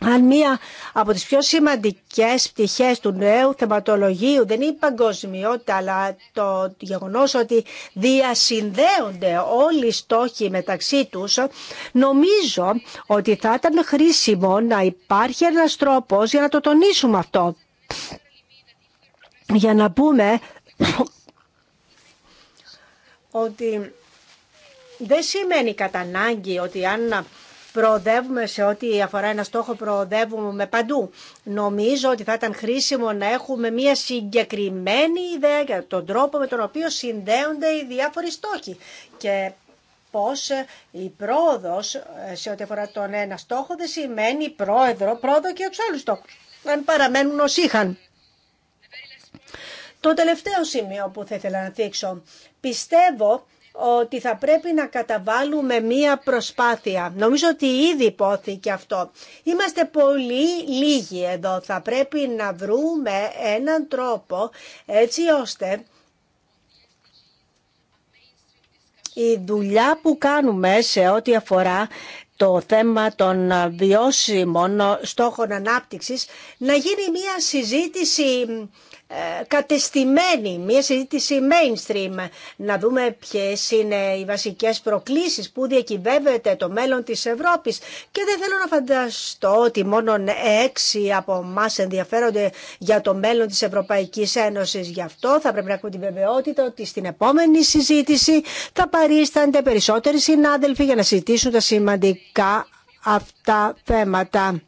αν μία από τις πιο σημαντικές πτυχές του νέου θεματολογίου δεν είναι η παγκοσμιότητα αλλά το γεγονός ότι διασυνδέονται όλοι οι στόχοι μεταξύ τους νομίζω ότι θα ήταν χρήσιμο να υπάρχει ένας τρόπος για να το τονίσουμε αυτό. Για να πούμε ότι δεν σημαίνει κατά ανάγκη ότι αν προοδεύουμε σε ό,τι αφορά ένα στόχο, προοδεύουμε παντού. Νομίζω ότι θα ήταν χρήσιμο να έχουμε μια συγκεκριμένη ιδέα για τον τρόπο με τον οποίο συνδέονται οι διάφοροι στόχοι. Και πως η πρόοδος ε, σε ό,τι αφορά τον ένα στόχο δεν σημαίνει πρόεδρο, πρόοδο και τους άλλους αν παραμένουν ως είχαν. Το τελευταίο σημείο που θα ήθελα να δείξω. Πιστεύω ότι θα πρέπει να καταβάλουμε μία προσπάθεια. Νομίζω ότι ήδη υπόθηκε αυτό. Είμαστε πολύ λίγοι εδώ. Θα πρέπει να βρούμε έναν τρόπο έτσι ώστε η δουλειά που κάνουμε σε ό,τι αφορά το θέμα των βιώσιμων στόχων ανάπτυξης να γίνει μια συζήτηση ε, κατεστημένη, μια συζήτηση mainstream, να δούμε ποιες είναι οι βασικές προκλήσεις που διακυβεύεται το μέλλον της Ευρώπης και δεν θέλω να φανταστώ ότι μόνο έξι από εμά ενδιαφέρονται για το μέλλον της Ευρωπαϊκής Ένωσης. Γι' αυτό θα πρέπει να έχουμε την βεβαιότητα ότι στην επόμενη συζήτηση θα παρίστανται περισσότεροι συνάδελφοι για να συζητήσουν τα σημαντικά αυτά θέματα.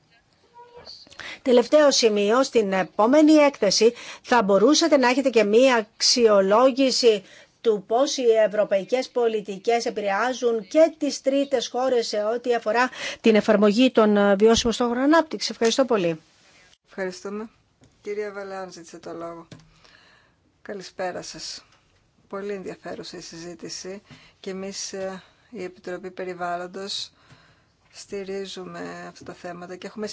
Τελευταίο σημείο, στην επόμενη έκθεση θα μπορούσατε να έχετε και μία αξιολόγηση του πώς οι ευρωπαϊκές πολιτικές επηρεάζουν και τις τρίτες χώρες σε ό,τι αφορά την εφαρμογή των βιώσιμων στόχων ανάπτυξης. Ευχαριστώ πολύ. Ευχαριστούμε. Κυρία Βαλεάν ζήτησε το λόγο. Καλησπέρα σας. Πολύ ενδιαφέρουσα η συζήτηση και εμείς ε, η Επιτροπή Περιβάλλοντος στηρίζουμε αυτά τα θέματα και έχουμε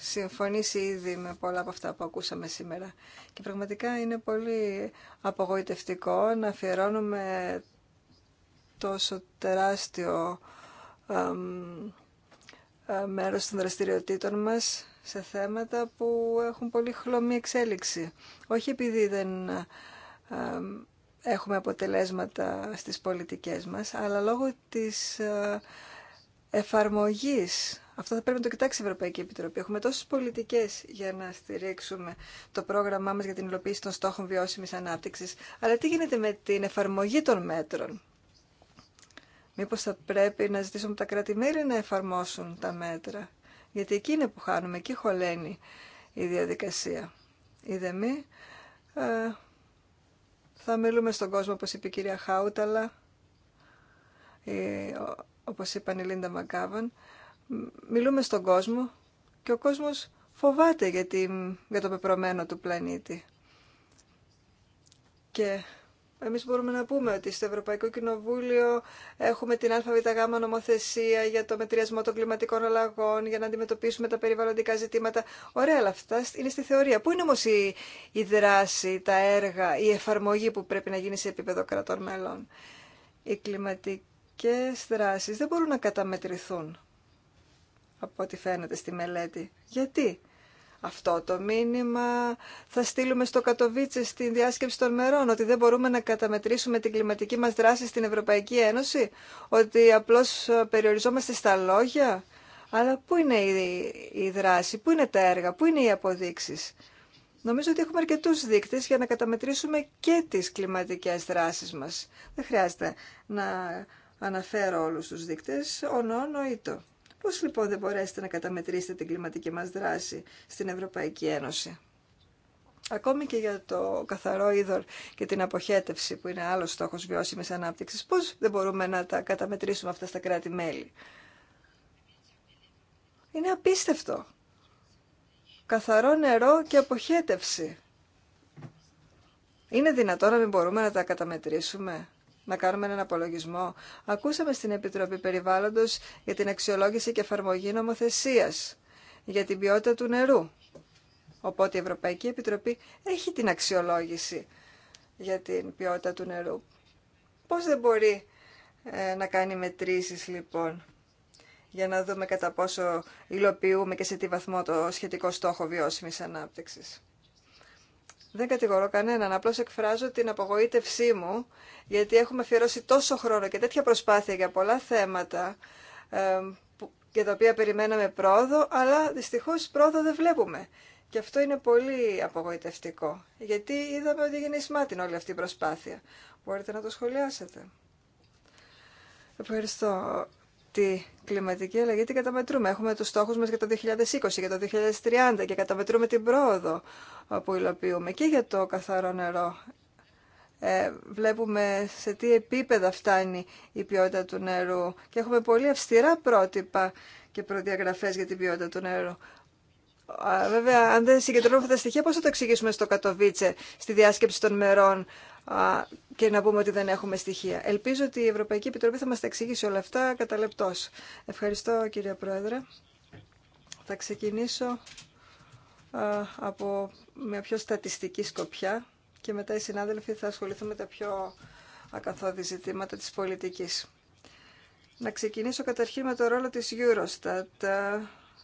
συμφωνήσει ήδη με πολλά από αυτά που ακούσαμε σήμερα. Και πραγματικά είναι πολύ απογοητευτικό να αφιερώνουμε τόσο τεράστιο ε, μέρος των δραστηριοτήτων μας σε θέματα που έχουν πολύ χλωμή εξέλιξη. Όχι επειδή δεν έχουμε αποτελέσματα στις πολιτικές μας, αλλά λόγω της ε, εφαρμογής. Αυτό θα πρέπει να το κοιτάξει η Ευρωπαϊκή Επιτροπή. Έχουμε τόσες πολιτικές για να στηρίξουμε το πρόγραμμά μας για την υλοποίηση των στόχων βιώσιμης ανάπτυξης. Αλλά τι γίνεται με την εφαρμογή των μέτρων. Μήπως θα πρέπει να ζητήσουμε τα κράτη-μέλη να εφαρμόσουν τα μέτρα. Γιατί εκεί είναι που χάνουμε, εκεί χωλαίνει η διαδικασία. Είδε μη, ε, θα μιλούμε στον κόσμο, όπω είπε η κυρία Χάουταλα, ε, όπως είπαν η Λίντα Μακάβαν, μιλούμε στον κόσμο και ο κόσμος φοβάται για, το πεπρωμένο του πλανήτη. Και εμείς μπορούμε να πούμε ότι στο Ευρωπαϊκό Κοινοβούλιο έχουμε την ΑΒΓ νομοθεσία για το μετριασμό των κλιματικών αλλαγών, για να αντιμετωπίσουμε τα περιβαλλοντικά ζητήματα. Ωραία, αλλά αυτά είναι στη θεωρία. Πού είναι όμως η, η δράση, τα έργα, η εφαρμογή που πρέπει να γίνει σε επίπεδο κρατών μέλων. Η κλιματική βασικές δράσεις δεν μπορούν να καταμετρηθούν από ό,τι φαίνεται στη μελέτη. Γιατί αυτό το μήνυμα θα στείλουμε στο Κατοβίτσε στην διάσκεψη των μερών, ότι δεν μπορούμε να καταμετρήσουμε την κλιματική μας δράση στην Ευρωπαϊκή Ένωση, ότι απλώς περιοριζόμαστε στα λόγια. Αλλά πού είναι η δράση, πού είναι τα έργα, πού είναι οι αποδείξεις. Νομίζω ότι έχουμε αρκετού δείκτες για να καταμετρήσουμε και τις κλιματικές δράσεις μας. Δεν χρειάζεται να αναφέρω όλους τους δείκτες, το. Πώς λοιπόν δεν μπορέσετε να καταμετρήσετε την κλιματική μας δράση στην Ευρωπαϊκή Ένωση. Ακόμη και για το καθαρό είδωρ και την αποχέτευση που είναι άλλος στόχος βιώσιμης ανάπτυξης, πώς δεν μπορούμε να τα καταμετρήσουμε αυτά στα κράτη-μέλη. Είναι απίστευτο. Καθαρό νερό και αποχέτευση. Είναι δυνατό να μην μπορούμε να τα καταμετρήσουμε να κάνουμε έναν απολογισμό. Ακούσαμε στην Επιτροπή Περιβάλλοντος για την αξιολόγηση και εφαρμογή νομοθεσίας, για την ποιότητα του νερού. Οπότε η Ευρωπαϊκή Επιτροπή έχει την αξιολόγηση για την ποιότητα του νερού. Πώς δεν μπορεί ε, να κάνει μετρήσεις λοιπόν για να δούμε κατά πόσο υλοποιούμε και σε τι βαθμό το σχετικό στόχο βιώσιμης ανάπτυξης. Δεν κατηγορώ κανέναν, απλώς εκφράζω την απογοήτευσή μου, γιατί έχουμε αφιερώσει τόσο χρόνο και τέτοια προσπάθεια για πολλά θέματα ε, για τα οποία περιμέναμε πρόοδο, αλλά δυστυχώς πρόοδο δεν βλέπουμε. Και αυτό είναι πολύ απογοητευτικό, γιατί είδαμε ότι έγινε ισμάτιν όλη αυτή η προσπάθεια. Μπορείτε να το σχολιάσετε. Ευχαριστώ τη κλιματική αλλαγή την καταμετρούμε. Έχουμε τους στόχους μας για το 2020, για το 2030 και καταμετρούμε την πρόοδο ε, που υλοποιούμε και για το καθαρό νερό. Ε, βλέπουμε σε τι επίπεδα φτάνει η ποιότητα του νερού και έχουμε πολύ αυστηρά πρότυπα και προδιαγραφές για την ποιότητα του νερού. Βέβαια, αν δεν συγκεντρώνουμε αυτά τα στοιχεία, πώς θα το εξηγήσουμε στο Κατοβίτσε, στη διάσκεψη των μερών, και να πούμε ότι δεν έχουμε στοιχεία. Ελπίζω ότι η Ευρωπαϊκή Επιτροπή θα μας τα εξηγήσει όλα αυτά κατά Ευχαριστώ κύριε Πρόεδρε. Θα ξεκινήσω από μια πιο στατιστική σκοπιά και μετά οι συνάδελφοι θα ασχοληθούν με τα πιο ακαθόδη ζητήματα της πολιτικής. Να ξεκινήσω καταρχήν με το ρόλο της Eurostat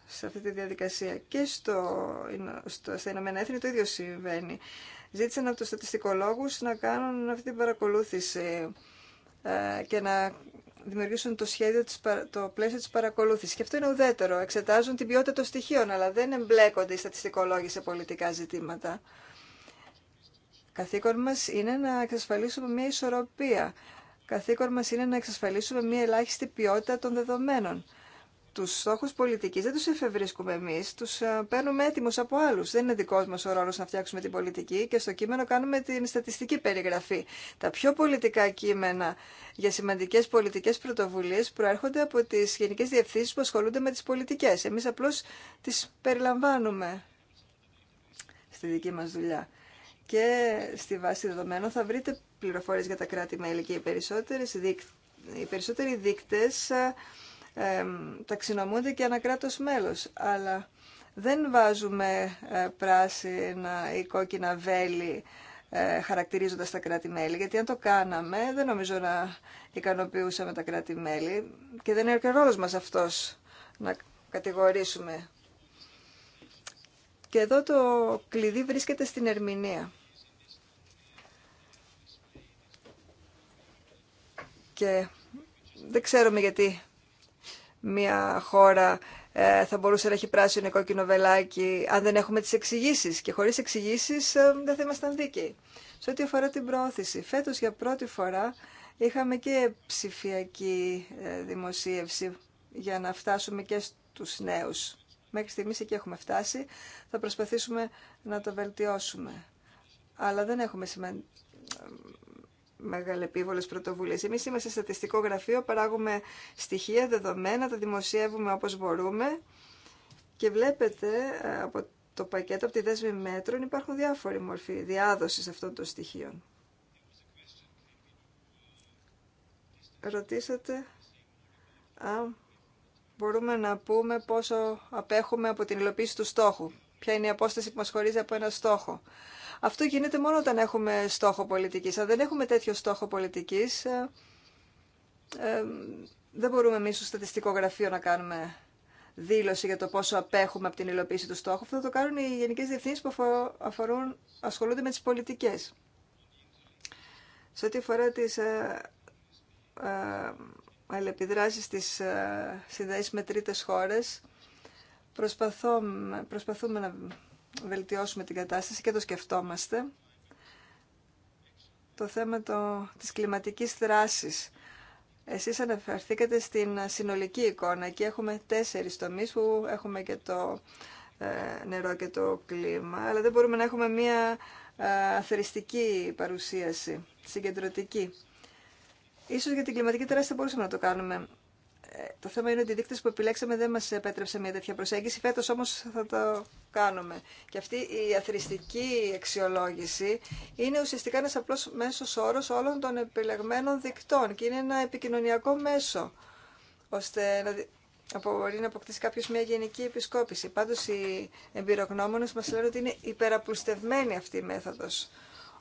σε αυτή τη διαδικασία. Και στο, στο, στα Ηνωμένα Έθνη το ίδιο συμβαίνει ζήτησαν από τους στατιστικολόγους να κάνουν αυτή την παρακολούθηση ε, και να δημιουργήσουν το σχέδιο, το πλαίσιο της παρακολούθησης. Και αυτό είναι ουδέτερο. Εξετάζουν την ποιότητα των στοιχείων, αλλά δεν εμπλέκονται οι στατιστικολόγοι σε πολιτικά ζητήματα. Καθήκον μας είναι να εξασφαλίσουμε μια ισορροπία. Καθήκον μας είναι να εξασφαλίσουμε μια ελάχιστη ποιότητα των δεδομένων τους στόχους πολιτικής δεν τους εφευρίσκουμε εμείς, τους ε, παίρνουμε έτοιμους από άλλους. Δεν είναι δικός μας ο ρόλος να φτιάξουμε την πολιτική και στο κείμενο κάνουμε την στατιστική περιγραφή. Τα πιο πολιτικά κείμενα για σημαντικές πολιτικές πρωτοβουλίες προέρχονται από τις γενικές διευθύνσεις που ασχολούνται με τις πολιτικές. Εμείς απλώς τις περιλαμβάνουμε στη δική μας δουλειά. Και στη βάση δεδομένων θα βρείτε πληροφορίες για τα κράτη-μέλη και οι περισσότεροι δείκτες ε, ταξινομούνται και ανακράτως μέλος. Αλλά δεν βάζουμε ε, πράσινα ή κόκκινα βέλη ε, χαρακτηρίζοντας τα κράτη-μέλη, γιατί αν το κάναμε δεν νομίζω να ικανοποιούσαμε τα κράτη-μέλη και δεν είναι ρόλος μας αυτός να κατηγορήσουμε. Και εδώ το κλειδί βρίσκεται στην ερμηνεία. Και δεν ξέρουμε γιατί μια χώρα ε, θα μπορούσε να έχει πράσινο ή κόκκινο βελάκι αν δεν έχουμε τις εξηγήσει. και χωρίς εξηγήσει ε, δεν θα ήμασταν δίκαιοι. Σε ό,τι αφορά την προώθηση, φέτος για πρώτη φορά είχαμε και ψηφιακή ε, δημοσίευση για να φτάσουμε και στους νέους. Μέχρι στιγμής εκεί έχουμε φτάσει, θα προσπαθήσουμε να το βελτιώσουμε. Αλλά δεν έχουμε σημαντικό μεγαλεπίβολες πρωτοβουλίε. Εμείς είμαστε στατιστικό γραφείο, παράγουμε στοιχεία, δεδομένα, τα δημοσιεύουμε όπως μπορούμε και βλέπετε ε, από το πακέτο, από τη δέσμη μέτρων υπάρχουν διάφοροι μορφοί διάδοση αυτών των στοιχείων. Ρωτήσατε αν μπορούμε να πούμε πόσο απέχουμε από την υλοποίηση του στόχου. Ποια είναι η απόσταση που μας χωρίζει από ένα στόχο. Αυτό γίνεται μόνο όταν έχουμε στόχο πολιτικής. Αν δεν έχουμε τέτοιο στόχο πολιτικής, ε, ε, δεν μπορούμε εμείς στο στατιστικό γραφείο να κάνουμε δήλωση για το πόσο απέχουμε από την υλοποίηση του στόχου. Αυτό το κάνουν οι γενικές διευθύνσεις που αφορούν, ασχολούνται με τις πολιτικές. Σε ό,τι αφορά τις ε, ε, αλληλεπιδράσεις ε, με τρίτες χώρες, προσπαθούμε να βελτιώσουμε την κατάσταση και το σκεφτόμαστε. Το θέμα το, της κλιματικής δράσης. Εσείς αναφερθήκατε στην συνολική εικόνα και έχουμε τέσσερις τομείς που έχουμε και το ε, νερό και το κλίμα, αλλά δεν μπορούμε να έχουμε μία ε, αθεριστική παρουσίαση, συγκεντρωτική. Ίσως για την κλιματική δράση θα μπορούσαμε να το κάνουμε το θέμα είναι ότι οι δείκτες που επιλέξαμε δεν μας επέτρεψε μια τέτοια προσέγγιση. Φέτος όμως θα το κάνουμε. Και αυτή η αθρηστική αξιολόγηση είναι ουσιαστικά ένας απλός μέσος όρος όλων των επιλεγμένων δικτών και είναι ένα επικοινωνιακό μέσο ώστε να μπορεί να αποκτήσει κάποιο μια γενική επισκόπηση. Πάντως οι εμπειρογνώμονες μας λένε ότι είναι υπεραπλουστευμένη αυτή η μέθοδος.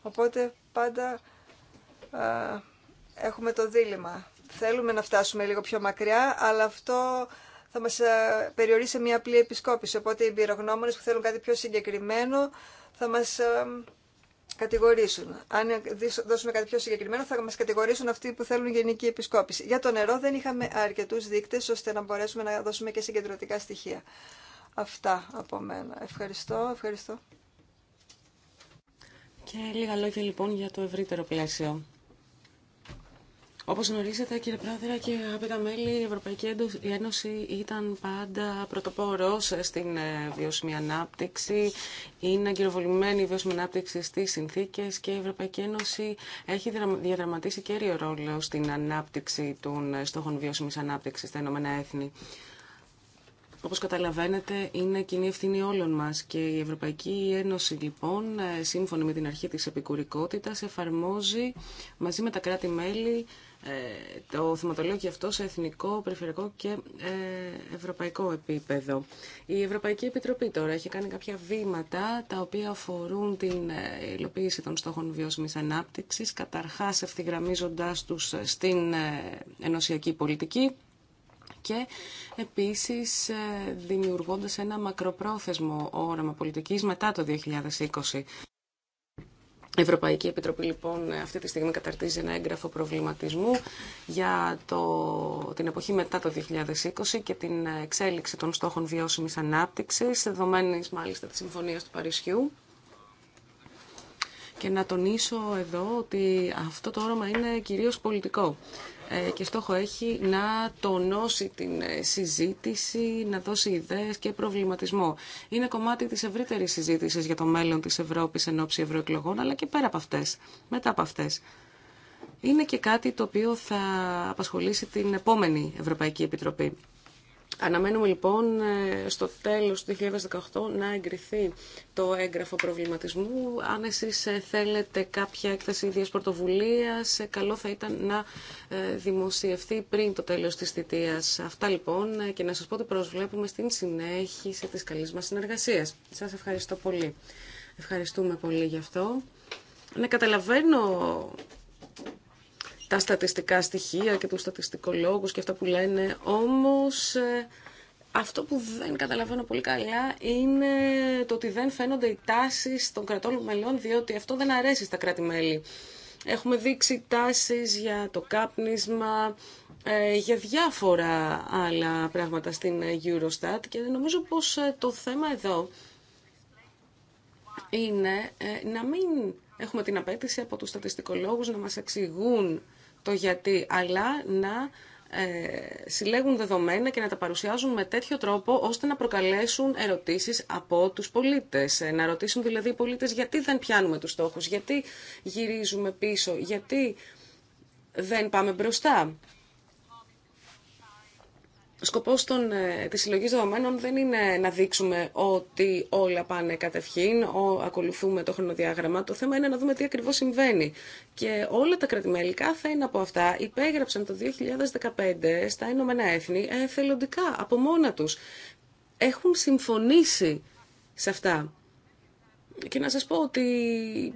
Οπότε πάντα α, έχουμε το δίλημα θέλουμε να φτάσουμε λίγο πιο μακριά, αλλά αυτό θα μας ε, περιορίσει σε μια απλή επισκόπηση. Οπότε οι εμπειρογνώμονες που θέλουν κάτι πιο συγκεκριμένο θα μας ε, κατηγορήσουν. Αν δώσουμε κάτι πιο συγκεκριμένο θα μας κατηγορήσουν αυτοί που θέλουν γενική επισκόπηση. Για το νερό δεν είχαμε αρκετούς δείκτες ώστε να μπορέσουμε να δώσουμε και συγκεντρωτικά στοιχεία. Αυτά από μένα. Ευχαριστώ, ευχαριστώ. Και λίγα λόγια λοιπόν για το ευρύτερο πλαίσιο. Όπως γνωρίζετε κύριε Πρόεδρε και αγαπητά μέλη, η Ευρωπαϊκή Ένωση ήταν πάντα πρωτοπόρος στην ε, βιώσιμη ανάπτυξη. Είναι αγκυροβολημένη η βιώσιμη ανάπτυξη στις συνθήκες και η Ευρωπαϊκή Ένωση έχει διαδραματίσει κέριο ρόλο στην ανάπτυξη των ε, στόχων βιώσιμης ανάπτυξης στα Ηνωμένα Έθνη. Όπως καταλαβαίνετε, είναι κοινή ευθύνη όλων μας και η Ευρωπαϊκή Ένωση, λοιπόν, ε, σύμφωνα με την αρχή της επικουρικότητας, εφαρμόζει μαζί με τα κράτη-μέλη ε, το θεματολόγιο αυτό σε εθνικό, περιφερειακό και ε, ευρωπαϊκό επίπεδο. Η Ευρωπαϊκή Επιτροπή τώρα έχει κάνει κάποια βήματα τα οποία αφορούν την υλοποίηση των στόχων βιώσιμης ανάπτυξης, καταρχάς ευθυγραμμίζοντας τους στην ενωσιακή πολιτική, και επίσης ε, δημιουργώντας ένα μακροπρόθεσμο όραμα πολιτικής μετά το 2020. Η Ευρωπαϊκή Επιτροπή λοιπόν αυτή τη στιγμή καταρτίζει ένα έγγραφο προβληματισμού για το, την εποχή μετά το 2020 και την εξέλιξη των στόχων βιώσιμης ανάπτυξης, δεδομένης μάλιστα της Συμφωνίας του Παρισιού. Και να τονίσω εδώ ότι αυτό το όραμα είναι κυρίως πολιτικό. Ε, και στόχο έχει να τονώσει την ε, συζήτηση, να δώσει ιδέες και προβληματισμό. Είναι κομμάτι της ευρύτερης συζήτησης για το μέλλον της Ευρώπης εν ώψη ευρωεκλογών, αλλά και πέρα από αυτές, μετά από αυτές. Είναι και κάτι το οποίο θα απασχολήσει την επόμενη Ευρωπαϊκή Επιτροπή. Αναμένουμε λοιπόν ε, στο τέλος του 2018 να εγκριθεί το έγγραφο προβληματισμού. Αν εσείς ε, θέλετε κάποια έκθεση ιδίας πρωτοβουλίας, ε, καλό θα ήταν να δημοσιευθεί πριν το τέλος της θητείας. Αυτά λοιπόν και να σας πω ότι προσβλέπουμε στην συνέχιση της καλής μας συνεργασίας. Σας ευχαριστώ πολύ. Ευχαριστούμε πολύ γι' αυτό. Ναι, καταλαβαίνω τα στατιστικά στοιχεία και τους στατιστικολόγους και αυτά που λένε, όμως ε, αυτό που δεν καταλαβαίνω πολύ καλά είναι το ότι δεν φαίνονται οι τάσεις των κρατών μελών, διότι αυτό δεν αρέσει στα κράτη-μέλη. Έχουμε δείξει τάσεις για το κάπνισμα, ε, για διάφορα άλλα πράγματα στην Eurostat και νομίζω πως ε, το θέμα εδώ είναι να μην έχουμε την απέτηση από τους στατιστικολόγους να μας εξηγούν το γιατί, αλλά να ε, συλλέγουν δεδομένα και να τα παρουσιάζουν με τέτοιο τρόπο ώστε να προκαλέσουν ερωτήσεις από τους πολίτες. Ε, να ρωτήσουν δηλαδή οι πολίτες γιατί δεν πιάνουμε τους στόχους, γιατί γυρίζουμε πίσω, γιατί δεν πάμε μπροστά. Ο σκοπός των, ε, της συλλογής δεδομένων δεν είναι να δείξουμε ότι όλα πάνε κατευχήν, ο, ακολουθούμε το χρονοδιάγραμμα. Το θέμα είναι να δούμε τι ακριβώς συμβαίνει. Και όλα τα κρατημέλη, κάθε ένα από αυτά, υπέγραψαν το 2015 στα Ηνωμένα Έθνη εθελοντικά, από μόνα τους. Έχουν συμφωνήσει σε αυτά. Και να σας πω ότι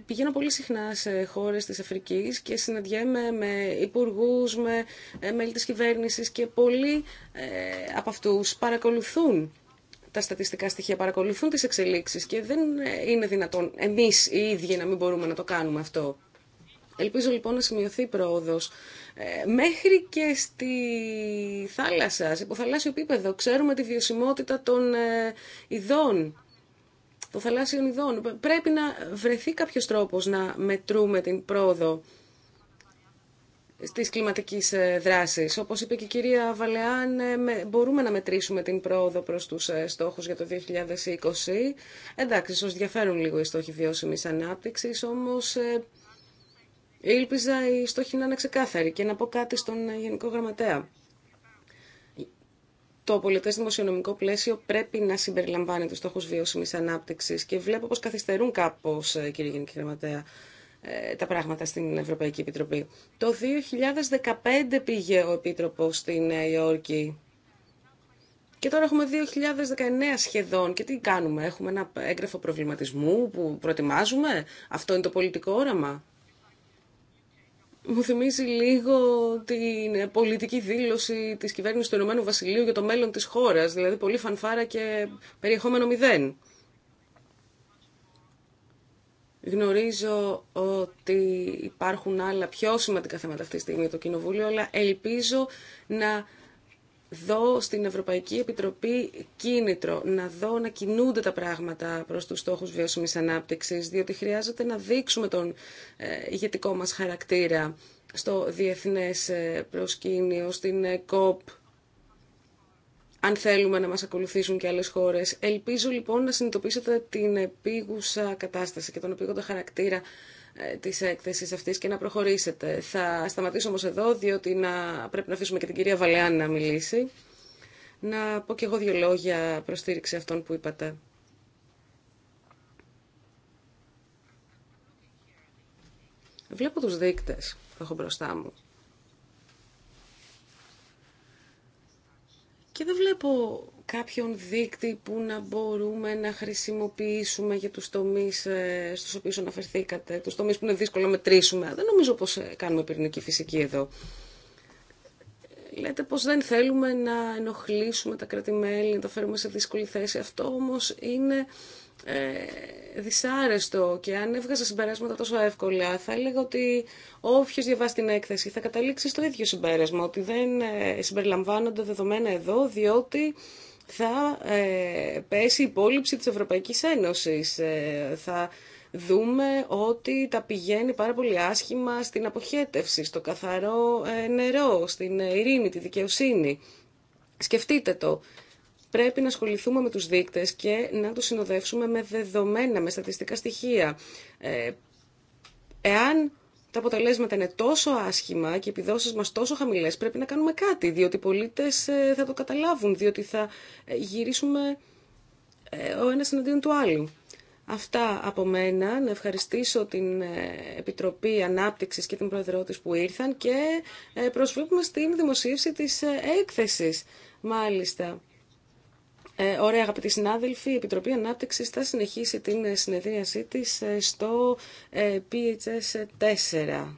πηγαίνω πολύ συχνά σε χώρες της Αφρικής και συναντιέμαι με υπουργούς, με ε, μέλη της κυβέρνησης και πολλοί ε, από αυτούς παρακολουθούν τα στατιστικά στοιχεία, παρακολουθούν τις εξελίξεις και δεν ε, είναι δυνατόν εμείς οι ίδιοι να μην μπορούμε να το κάνουμε αυτό. Ελπίζω λοιπόν να σημειωθεί πρόοδος. μέχρι και στη θάλασσα, σε υποθαλάσσιο επίπεδο, ξέρουμε τη βιωσιμότητα των ειδών το θαλάσσιο ειδών. Πρέπει να βρεθεί κάποιος τρόπος να μετρούμε την πρόοδο στις κλιματικής ε, δράσης. Όπως είπε και η κυρία Βαλεάν, ε, μπορούμε να μετρήσουμε την πρόοδο προς τους ε, στόχους για το 2020. Εντάξει, ίσως διαφέρουν λίγο οι στόχοι βιώσιμης ανάπτυξης, όμως ήλπιζα οι στόχοι να είναι ξεκάθαροι. Και να πω κάτι στον Γενικό Γραμματέα το πολιτέ δημοσιονομικό πλαίσιο πρέπει να συμπεριλαμβάνει τους στόχους βιώσιμης ανάπτυξης και βλέπω πως καθυστερούν κάπως, ε, κύριε Γενική Γραμματέα, ε, τα πράγματα στην Ευρωπαϊκή Επιτροπή. Το 2015 πήγε ο Επίτροπος στη Νέα Υόρκη και τώρα έχουμε 2019 σχεδόν. Και τι κάνουμε, έχουμε ένα έγγραφο προβληματισμού που προετοιμάζουμε. Αυτό είναι το πολιτικό όραμα μου θυμίζει λίγο την πολιτική δήλωση της κυβέρνησης του Ηνωμένου Βασιλείου για το μέλλον της χώρας, δηλαδή πολύ φανφάρα και περιεχόμενο μηδέν. Γνωρίζω ότι υπάρχουν άλλα πιο σημαντικά θέματα αυτή τη στιγμή για το Κοινοβούλιο, αλλά ελπίζω να δω στην Ευρωπαϊκή Επιτροπή κίνητρο, να δω να κινούνται τα πράγματα προς τους στόχους βιώσιμης ανάπτυξης, διότι χρειάζεται να δείξουμε τον ε, ηγετικό μας χαρακτήρα στο διεθνές ε, προσκήνιο, στην ε, ΚΟΠ, αν θέλουμε να μας ακολουθήσουν και άλλες χώρες. Ελπίζω λοιπόν να συνειδητοποιήσετε την επίγουσα κατάσταση και τον επίγοντα χαρακτήρα ε, Τη έκθεση αυτή και να προχωρήσετε. Θα σταματήσω όμως εδώ, διότι να... πρέπει να αφήσουμε και την κυρία Βαλεάν να μιλήσει. Να πω και εγώ δύο λόγια στήριξη αυτών που είπατε. Βλέπω τους δείκτες που έχω μπροστά μου. Και δεν βλέπω κάποιον δείκτη που να μπορούμε να χρησιμοποιήσουμε για τους τομείς ε, στους οποίους αναφερθήκατε, τους τομείς που είναι δύσκολο να μετρήσουμε. Δεν νομίζω πως ε, κάνουμε πυρηνική φυσική εδώ. Λέτε πως δεν θέλουμε να ενοχλήσουμε τα κρατημέλη, να τα φέρουμε σε δύσκολη θέση. Αυτό όμως είναι ε, δυσάρεστο και αν έβγαζα συμπεράσματα τόσο εύκολα θα έλεγα ότι όποιος διαβάσει την έκθεση θα καταλήξει στο ίδιο συμπέρασμα ότι δεν ε, συμπεριλαμβάνονται δεδομένα εδώ διότι θα ε, πέσει η υπόλοιψη της Ευρωπαϊκής Ένωσης. Ε, θα δούμε ότι τα πηγαίνει πάρα πολύ άσχημα στην αποχέτευση, στο καθαρό ε, νερό, στην ειρήνη, τη δικαιοσύνη. Σκεφτείτε το. Πρέπει να ασχοληθούμε με τους δείκτες και να τους συνοδεύσουμε με δεδομένα, με στατιστικά στοιχεία. εάν τα αποτελέσματα είναι τόσο άσχημα και οι επιδόσεις μας τόσο χαμηλές, πρέπει να κάνουμε κάτι, διότι οι πολίτες ε, θα το καταλάβουν, διότι θα ε, γυρίσουμε ε, ο ένας εναντίον του άλλου. Αυτά από μένα. Να ευχαριστήσω την Επιτροπή Ανάπτυξης και την Πρόεδρό της που ήρθαν και προσβλέπουμε στην δημοσίευση της έκθεσης. Μάλιστα. Ε, ωραία αγαπητοί συνάδελφοι, η Επιτροπή Ανάπτυξη θα συνεχίσει την συνεδρίασή τη ε, στο ε, PHS 4.